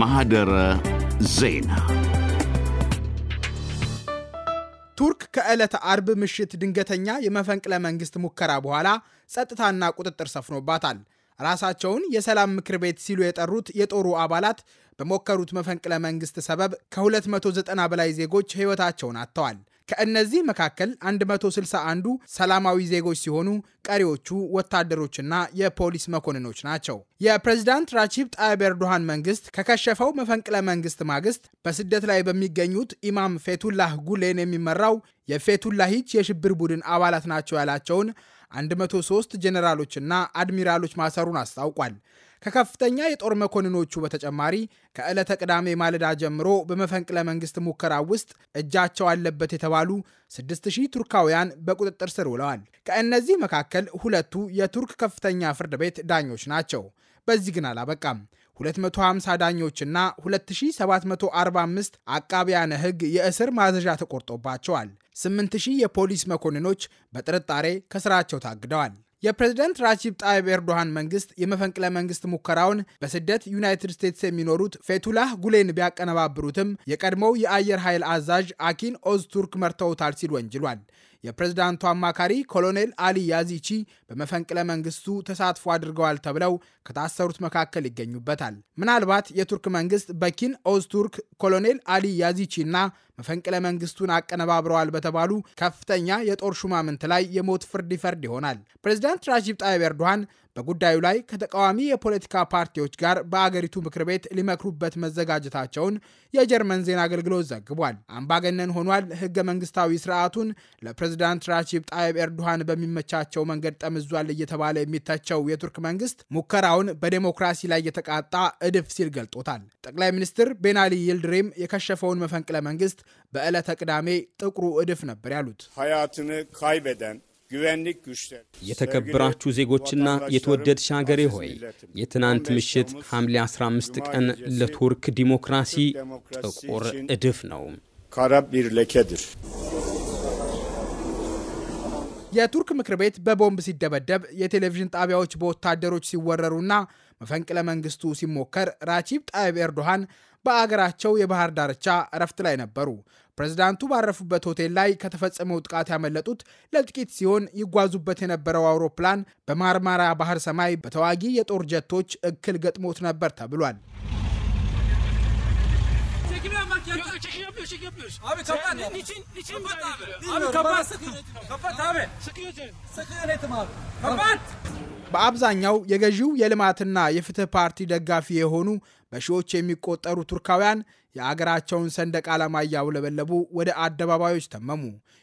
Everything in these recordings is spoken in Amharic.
ማህደረ ዜና ቱርክ ከዕለት አርብ ምሽት ድንገተኛ የመፈንቅለ መንግስት ሙከራ በኋላ ጸጥታና ቁጥጥር ሰፍኖባታል። ራሳቸውን የሰላም ምክር ቤት ሲሉ የጠሩት የጦሩ አባላት በሞከሩት መፈንቅለ መንግስት ሰበብ ከ290 በላይ ዜጎች ሕይወታቸውን አጥተዋል። ከእነዚህ መካከል 161ዱ ሰላማዊ ዜጎች ሲሆኑ ቀሪዎቹ ወታደሮችና የፖሊስ መኮንኖች ናቸው። የፕሬዚዳንት ራቺብ ጣይብ ኤርዶሃን መንግስት ከከሸፈው መፈንቅለ መንግስት ማግስት በስደት ላይ በሚገኙት ኢማም ፌቱላህ ጉሌን የሚመራው የፌቱላሂች የሽብር ቡድን አባላት ናቸው ያላቸውን 103 ጄኔራሎችና አድሚራሎች ማሰሩን አስታውቋል። ከከፍተኛ የጦር መኮንኖቹ በተጨማሪ ከዕለተ ቅዳሜ ማለዳ ጀምሮ በመፈንቅለ መንግስት ሙከራ ውስጥ እጃቸው አለበት የተባሉ 6000 ቱርካውያን በቁጥጥር ስር ውለዋል። ከእነዚህ መካከል ሁለቱ የቱርክ ከፍተኛ ፍርድ ቤት ዳኞች ናቸው። በዚህ ግን አላበቃም። 250 ዳኞችና 2745 አቃቢያነ ሕግ የእስር ማዘዣ ተቆርጦባቸዋል። 8000 የፖሊስ መኮንኖች በጥርጣሬ ከስራቸው ታግደዋል። የፕሬዝደንት ራጂብ ጣይብ ኤርዶሃን መንግስት የመፈንቅለ መንግስት ሙከራውን በስደት ዩናይትድ ስቴትስ የሚኖሩት ፌቱላህ ጉሌን ቢያቀነባብሩትም የቀድሞው የአየር ኃይል አዛዥ አኪን ኦዝ ቱርክ መርተውታል ሲል ወንጅሏል። የፕሬዝዳንቱ አማካሪ ኮሎኔል አሊ ያዚቺ በመፈንቅለ መንግስቱ ተሳትፎ አድርገዋል ተብለው ከታሰሩት መካከል ይገኙበታል። ምናልባት የቱርክ መንግስት በኪን ኦዝቱርክ ኮሎኔል አሊ ያዚቺ እና መፈንቅለ መንግስቱን አቀነባብረዋል በተባሉ ከፍተኛ የጦር ሹማምንት ላይ የሞት ፍርድ ይፈርድ ይሆናል። ፕሬዚዳንት ራጂብ ጣይብ ኤርዶሃን በጉዳዩ ላይ ከተቃዋሚ የፖለቲካ ፓርቲዎች ጋር በአገሪቱ ምክር ቤት ሊመክሩበት መዘጋጀታቸውን የጀርመን ዜና አገልግሎት ዘግቧል። አምባገነን ሆኗል፣ ህገ መንግስታዊ ስርዓቱን ለፕሬዚዳንት ራጂብ ጣይብ ኤርዶሃን በሚመቻቸው መንገድ ጠምዟል እየተባለ የሚተቸው የቱርክ መንግስት ሙከራውን በዴሞክራሲ ላይ የተቃጣ እድፍ ሲል ገልጦታል። ጠቅላይ ሚኒስትር ቤናሊ ይልድሪም የከሸፈውን መፈንቅለ መንግስት በዕለተ ቅዳሜ ጥቁሩ እድፍ ነበር ያሉት። የተከበራችሁ ዜጎችና የተወደድሽ ሀገሬ ሆይ የትናንት ምሽት ሐምሌ 15 ቀን ለቱርክ ዲሞክራሲ ጥቁር እድፍ ነው። የቱርክ ምክር ቤት በቦምብ ሲደበደብ፣ የቴሌቪዥን ጣቢያዎች በወታደሮች ሲወረሩና መፈንቅለ መንግስቱ ሲሞከር ራቺብ ጣይብ ኤርዶሃን በአገራቸው የባህር ዳርቻ እረፍት ላይ ነበሩ። ፕሬዚዳንቱ ባረፉበት ሆቴል ላይ ከተፈጸመው ጥቃት ያመለጡት ለጥቂት ሲሆን ይጓዙበት የነበረው አውሮፕላን በማርማራ ባህር ሰማይ በተዋጊ የጦር ጀቶች እክል ገጥሞት ነበር ተብሏል። በአብዛኛው የገዢው የልማትና የፍትህ ፓርቲ ደጋፊ የሆኑ በሺዎች የሚቆጠሩ ቱርካውያን የአገራቸውን ሰንደቅ ዓላማ እያውለበለቡ ወደ አደባባዮች ተመሙ።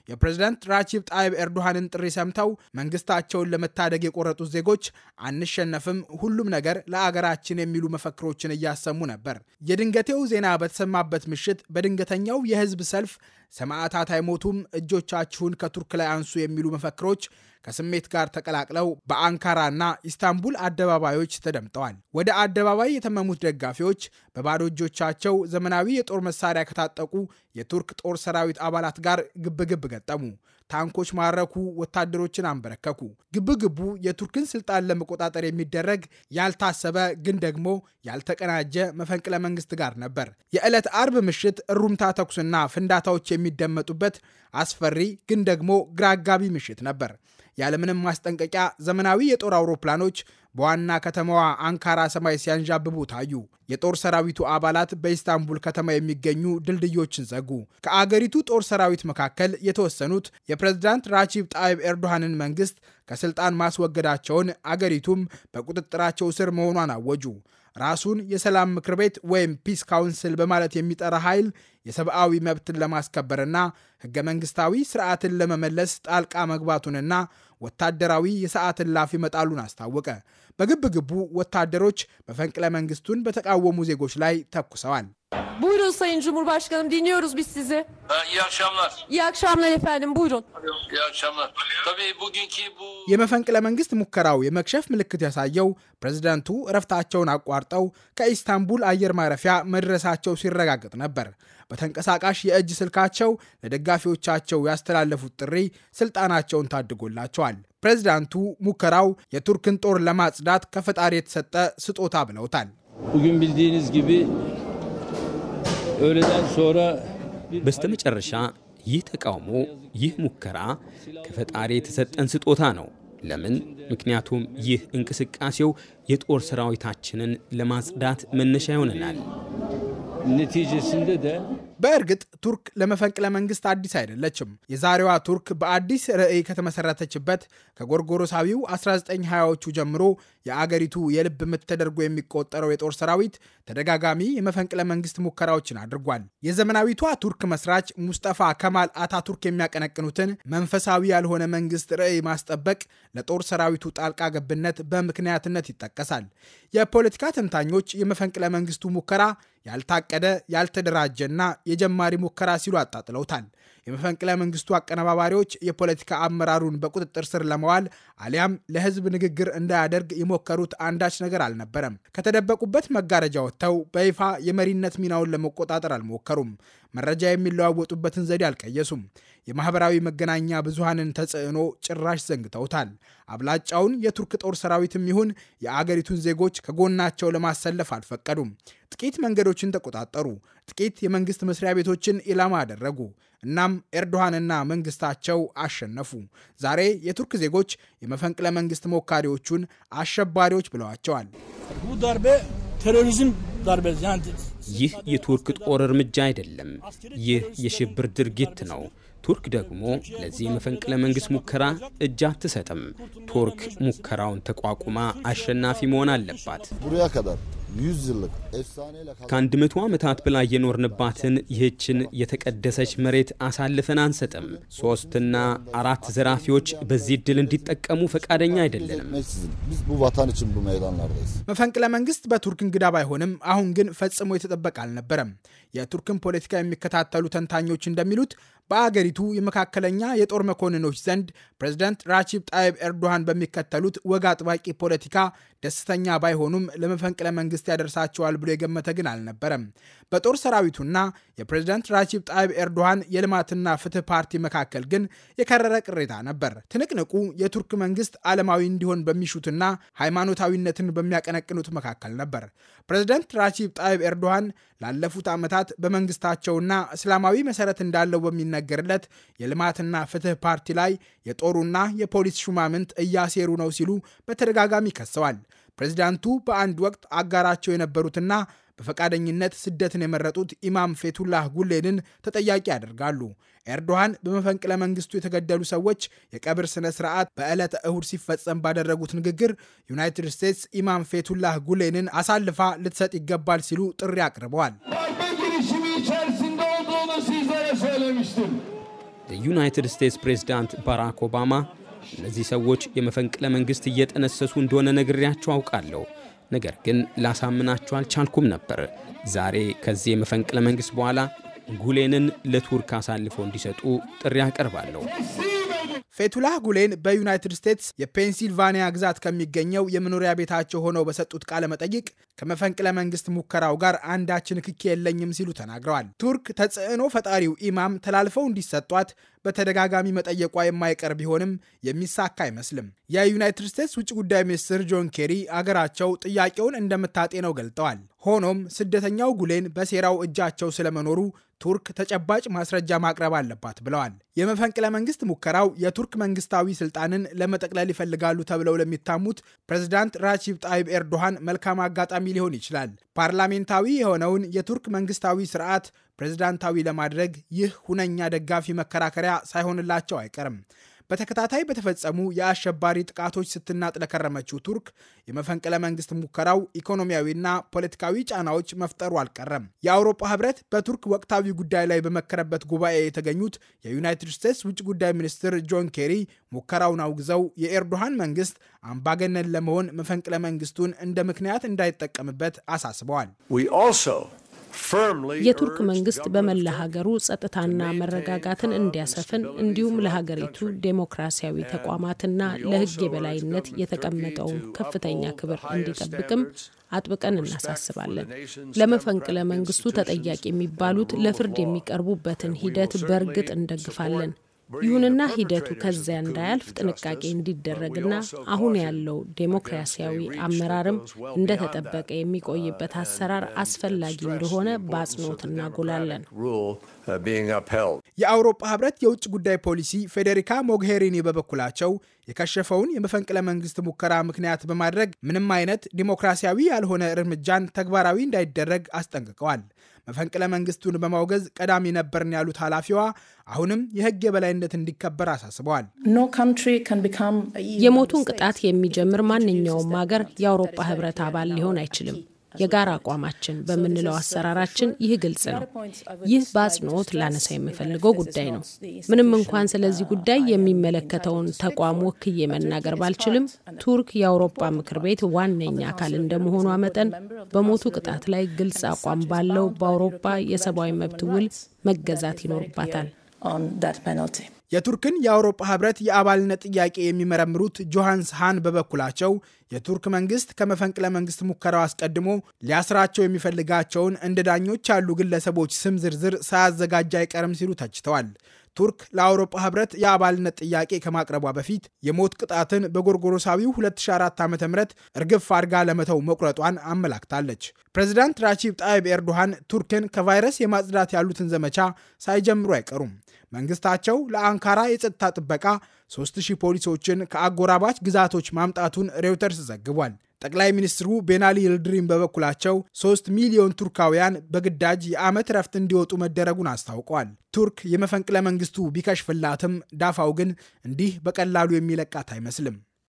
የፕሬዝደንት ራቺብ ጣይብ ኤርዶሃንን ጥሪ ሰምተው መንግስታቸውን ለመታደግ የቆረጡት ዜጎች አንሸነፍም፣ ሁሉም ነገር ለአገራችን የሚሉ መፈክሮችን እያሰሙ ነበር። የድንገቴው ዜና በተሰማበት ምሽት በድንገተኛው የህዝብ ሰልፍ ሰማዕታት አይሞቱም፣ እጆቻችሁን ከቱርክ ላይ አንሱ የሚሉ መፈክሮች ከስሜት ጋር ተቀላቅለው በአንካራና ኢስታንቡል አደባባዮች ተደምጠዋል። ወደ አደባባይ የተመሙት ደጋፊዎች በባዶ እጆቻቸው ዘመናዊ የጦር መሳሪያ ከታጠቁ የቱርክ ጦር ሰራዊት አባላት ጋር ግብግብ ገጠሙ። ታንኮች ማረኩ፣ ወታደሮችን አንበረከኩ። ግብግቡ የቱርክን ስልጣን ለመቆጣጠር የሚደረግ ያልታሰበ ግን ደግሞ ያልተቀናጀ መፈንቅለ መንግስት ጋር ነበር። የዕለት አርብ ምሽት እሩምታ ተኩስና ፍንዳታዎች የሚደመጡበት አስፈሪ ግን ደግሞ ግራጋቢ ምሽት ነበር። ያለምንም ማስጠንቀቂያ ዘመናዊ የጦር አውሮፕላኖች በዋና ከተማዋ አንካራ ሰማይ ሲያንዣብቡ ታዩ። የጦር ሰራዊቱ አባላት በኢስታንቡል ከተማ የሚገኙ ድልድዮችን ዘጉ። ከአገሪቱ ጦር ሰራዊት መካከል የተወሰኑት የፕሬዝዳንት ራቺብ ጣይብ ኤርዶሃንን መንግስት ከስልጣን ማስወገዳቸውን አገሪቱም በቁጥጥራቸው ስር መሆኗን አወጁ። ራሱን የሰላም ምክር ቤት ወይም ፒስ ካውንስል በማለት የሚጠራ ኃይል የሰብአዊ መብትን ለማስከበርና ህገ መንግስታዊ ስርዓትን ለመመለስ ጣልቃ መግባቱንና ወታደራዊ የሰዓት እላፊ መጣሉን አስታወቀ። በግብ ግቡ ወታደሮች መፈንቅለ መንግስቱን በተቃወሙ ዜጎች ላይ ተኩሰዋል። Buyurun Sayın Cumhurbaşkanım dinliyoruz biz sizi. Ha, i̇yi akşamlar. İyi akşamlar efendim buyurun. İyi akşamlar. Tabii bugünkü bu የመፈንቅለ መንግስት ሙከራው የመክሸፍ ምልክት ያሳየው ፕሬዝዳንቱ እረፍታቸውን አቋርጠው ከኢስታንቡል አየር ማረፊያ መድረሳቸው ሲረጋገጥ ነበር። በተንቀሳቃሽ የእጅ ስልካቸው ለደጋፊዎቻቸው ያስተላለፉት ጥሪ ስልጣናቸውን ታድጎላቸዋል። ፕሬዝዳንቱ ሙከራው የቱርክን ጦር ለማጽዳት ከፈጣሪ የተሰጠ ስጦታ ብለውታል። በስተመጨረሻ ይህ ተቃውሞ፣ ይህ ሙከራ ከፈጣሪ የተሰጠን ስጦታ ነው። ለምን? ምክንያቱም ይህ እንቅስቃሴው የጦር ሰራዊታችንን ለማጽዳት መነሻ ይሆነናል። በእርግጥ ቱርክ ለመፈንቅለ መንግስት አዲስ አይደለችም። የዛሬዋ ቱርክ በአዲስ ርዕይ ከተመሰረተችበት ከጎርጎሮሳዊው 1920ዎቹ ጀምሮ የአገሪቱ የልብ ምት ተደርጎ የሚቆጠረው የጦር ሰራዊት ተደጋጋሚ የመፈንቅለ መንግስት ሙከራዎችን አድርጓል። የዘመናዊቷ ቱርክ መስራች ሙስጠፋ ከማል አታቱርክ የሚያቀነቅኑትን መንፈሳዊ ያልሆነ መንግስት ርዕይ ማስጠበቅ ለጦር ሰራዊቱ ጣልቃ ገብነት በምክንያትነት ይጠቀሳል። የፖለቲካ ተንታኞች የመፈንቅለ መንግስቱ ሙከራ ያልታቀደ ያልተደራጀና የጀማሪ ሙከራ ሲሉ አጣጥለውታል። የመፈንቅለ መንግስቱ አቀነባባሪዎች የፖለቲካ አመራሩን በቁጥጥር ስር ለመዋል አሊያም ለህዝብ ንግግር እንዳያደርግ የሞከሩት አንዳች ነገር አልነበረም። ከተደበቁበት መጋረጃ ወጥተው በይፋ የመሪነት ሚናውን ለመቆጣጠር አልሞከሩም። መረጃ የሚለዋወጡበትን ዘዴ አልቀየሱም። የማህበራዊ መገናኛ ብዙሃንን ተጽዕኖ ጭራሽ ዘንግተውታል። አብላጫውን የቱርክ ጦር ሰራዊትም ይሁን የአገሪቱን ዜጎች ከጎናቸው ለማሰለፍ አልፈቀዱም። ጥቂት መንገዶችን ተቆጣጠሩ። ጥቂት የመንግስት መስሪያ ቤቶችን ኢላማ አደረጉ። እናም ኤርዶሃንና መንግስታቸው አሸነፉ። ዛሬ የቱርክ ዜጎች የመፈንቅለ መንግስት ሞካሪዎቹን አሸባሪዎች ብለዋቸዋል። ዳርቤ ቴሮሪዝም ዳርቤ ይህ የቱርክ ጦር እርምጃ አይደለም። ይህ የሽብር ድርጊት ነው። ቱርክ ደግሞ ለዚህ መፈንቅለ መንግስት ሙከራ እጅ አትሰጥም። ቱርክ ሙከራውን ተቋቁማ አሸናፊ መሆን አለባት። ከአንድ መቶ ዓመታት በላይ የኖርንባትን ይህችን የተቀደሰች መሬት አሳልፈን አንሰጥም። ሶስትና አራት ዘራፊዎች በዚህ እድል እንዲጠቀሙ ፈቃደኛ አይደለንም። መፈንቅለ መንግስት በቱርክ እንግዳ ባይሆንም አሁን ግን ፈጽሞ የተጠበቀ አልነበረም። የቱርክን ፖለቲካ የሚከታተሉ ተንታኞች እንደሚሉት በአገሪ በሀገሪቱ የመካከለኛ የጦር መኮንኖች ዘንድ ፕሬዝደንት ራቺብ ጣይብ ኤርዶሃን በሚከተሉት ወግ አጥባቂ ፖለቲካ ደስተኛ ባይሆኑም ለመፈንቅለ መንግስት ያደርሳቸዋል ብሎ የገመተ ግን አልነበረም። በጦር ሰራዊቱና የፕሬዝደንት ራቺብ ጣይብ ኤርዶሃን የልማትና ፍትህ ፓርቲ መካከል ግን የከረረ ቅሬታ ነበር። ትንቅንቁ የቱርክ መንግስት ዓለማዊ እንዲሆን በሚሹትና ሃይማኖታዊነትን በሚያቀነቅኑት መካከል ነበር። ፕሬዝደንት ራቺብ ጣይብ ኤርዶሃን ላለፉት ዓመታት በመንግስታቸውና እስላማዊ መሰረት እንዳለው በሚነገርለት የልማትና ፍትህ ፓርቲ ላይ የጦሩና የፖሊስ ሹማምንት እያሴሩ ነው ሲሉ በተደጋጋሚ ከሰዋል። ፕሬዚዳንቱ በአንድ ወቅት አጋራቸው የነበሩትና በፈቃደኝነት ስደትን የመረጡት ኢማም ፌቱላህ ጉሌንን ተጠያቂ ያደርጋሉ። ኤርዶሃን በመፈንቅለ መንግስቱ የተገደሉ ሰዎች የቀብር ስነ ስርዓት በዕለተ እሁድ ሲፈጸም ባደረጉት ንግግር ዩናይትድ ስቴትስ ኢማም ፌቱላህ ጉሌንን አሳልፋ ልትሰጥ ይገባል ሲሉ ጥሪ አቅርበዋል። የዩናይትድ ስቴትስ ፕሬዝዳንት ባራክ ኦባማ እነዚህ ሰዎች የመፈንቅለ መንግስት እየጠነሰሱ እንደሆነ ነግሬያቸው አውቃለሁ ነገር ግን ላሳምናቸው አልቻልኩም ነበር። ዛሬ ከዚህ የመፈንቅለ መንግሥት በኋላ ጉሌንን ለቱርክ አሳልፈው እንዲሰጡ ጥሪ አቀርባለሁ። ፌቱላህ ጉሌን በዩናይትድ ስቴትስ የፔንሲልቫኒያ ግዛት ከሚገኘው የመኖሪያ ቤታቸው ሆነው በሰጡት ቃለ መጠይቅ ከመፈንቅለ መንግስት ሙከራው ጋር አንዳች ንክኪ የለኝም ሲሉ ተናግረዋል። ቱርክ ተጽዕኖ ፈጣሪው ኢማም ተላልፈው እንዲሰጧት በተደጋጋሚ መጠየቋ የማይቀር ቢሆንም የሚሳካ አይመስልም። የዩናይትድ ስቴትስ ውጭ ጉዳይ ሚኒስትር ጆን ኬሪ አገራቸው ጥያቄውን እንደምታጤነው ገልጠዋል። ሆኖም ስደተኛው ጉሌን በሴራው እጃቸው ስለመኖሩ ቱርክ ተጨባጭ ማስረጃ ማቅረብ አለባት ብለዋል። የመፈንቅለ መንግስት ሙከራው የቱርክ መንግስታዊ ስልጣንን ለመጠቅለል ይፈልጋሉ ተብለው ለሚታሙት ፕሬዚዳንት ራቺብ ጣይብ ኤርዶሃን መልካም አጋጣሚ ሊሆን ይችላል። ፓርላሜንታዊ የሆነውን የቱርክ መንግስታዊ ስርዓት ፕሬዝዳንታዊ ለማድረግ ይህ ሁነኛ ደጋፊ መከራከሪያ ሳይሆንላቸው አይቀርም። በተከታታይ በተፈጸሙ የአሸባሪ ጥቃቶች ስትናጥ ለከረመችው ቱርክ የመፈንቅለ መንግስት ሙከራው ኢኮኖሚያዊና ፖለቲካዊ ጫናዎች መፍጠሩ አልቀረም። የአውሮፓ ህብረት በቱርክ ወቅታዊ ጉዳይ ላይ በመከረበት ጉባኤ የተገኙት የዩናይትድ ስቴትስ ውጭ ጉዳይ ሚኒስትር ጆን ኬሪ ሙከራውን አውግዘው የኤርዶሃን መንግስት አምባገነን ለመሆን መፈንቅለ መንግስቱን እንደ ምክንያት እንዳይጠቀምበት አሳስበዋል። የቱርክ መንግስት በመላ ሀገሩ ጸጥታና መረጋጋትን እንዲያሰፍን እንዲሁም ለሀገሪቱ ዴሞክራሲያዊ ተቋማትና ለሕግ የበላይነት የተቀመጠውን ከፍተኛ ክብር እንዲጠብቅም አጥብቀን እናሳስባለን። ለመፈንቅለ መንግስቱ ተጠያቂ የሚባሉት ለፍርድ የሚቀርቡበትን ሂደት በእርግጥ እንደግፋለን። ይሁንና ሂደቱ ከዚያ እንዳያልፍ ጥንቃቄ እንዲደረግና አሁን ያለው ዴሞክራሲያዊ አመራርም እንደተጠበቀ የሚቆይበት አሰራር አስፈላጊ እንደሆነ በአጽንኦት እናጎላለን። የአውሮፓ ህብረት የውጭ ጉዳይ ፖሊሲ ፌዴሪካ ሞግሄሪኒ በበኩላቸው የከሸፈውን የመፈንቅለ መንግስት ሙከራ ምክንያት በማድረግ ምንም አይነት ዲሞክራሲያዊ ያልሆነ እርምጃን ተግባራዊ እንዳይደረግ አስጠንቅቀዋል። መፈንቅለ መንግስቱን በማውገዝ ቀዳሚ ነበርን ያሉት ኃላፊዋ አሁንም የህግ የበላይነት እንዲከበር አሳስበዋል። የሞቱን ቅጣት የሚጀምር ማንኛውም ሀገር የአውሮፓ ህብረት አባል ሊሆን አይችልም። የጋራ አቋማችን በምንለው አሰራራችን ይህ ግልጽ ነው። ይህ በአጽንኦት ላነሳ የምፈልገው ጉዳይ ነው። ምንም እንኳን ስለዚህ ጉዳይ የሚመለከተውን ተቋም ወክዬ መናገር ባልችልም፣ ቱርክ የአውሮፓ ምክር ቤት ዋነኛ አካል እንደመሆኗ መጠን በሞቱ ቅጣት ላይ ግልጽ አቋም ባለው በአውሮፓ የሰብአዊ መብት ውል መገዛት ይኖርባታል። የቱርክን የአውሮፓ ህብረት የአባልነት ጥያቄ የሚመረምሩት ጆሃንስ ሃን በበኩላቸው የቱርክ መንግስት ከመፈንቅለ መንግስት ሙከራው አስቀድሞ ሊያስራቸው የሚፈልጋቸውን እንደ ዳኞች ያሉ ግለሰቦች ስም ዝርዝር ሳያዘጋጅ አይቀርም ሲሉ ተችተዋል። ቱርክ ለአውሮፓ ህብረት የአባልነት ጥያቄ ከማቅረቧ በፊት የሞት ቅጣትን በጎርጎሮሳዊው 2004 ዓ ም እርግፍ አድጋ ለመተው መቁረጧን አመላክታለች። ፕሬዚዳንት ራቺብ ጣይብ ኤርዶሃን ቱርክን ከቫይረስ የማጽዳት ያሉትን ዘመቻ ሳይጀምሩ አይቀሩም። መንግስታቸው ለአንካራ የጸጥታ ጥበቃ 3000 ፖሊሶችን ከአጎራባች ግዛቶች ማምጣቱን ሬውተርስ ዘግቧል። ጠቅላይ ሚኒስትሩ ቤናሊ ልድሪን በበኩላቸው ሶስት ሚሊዮን ቱርካውያን በግዳጅ የዓመት ረፍት እንዲወጡ መደረጉን አስታውቀዋል። ቱርክ የመፈንቅለ መንግስቱ ቢከሽፍላትም ዳፋው ግን እንዲህ በቀላሉ የሚለቃት አይመስልም።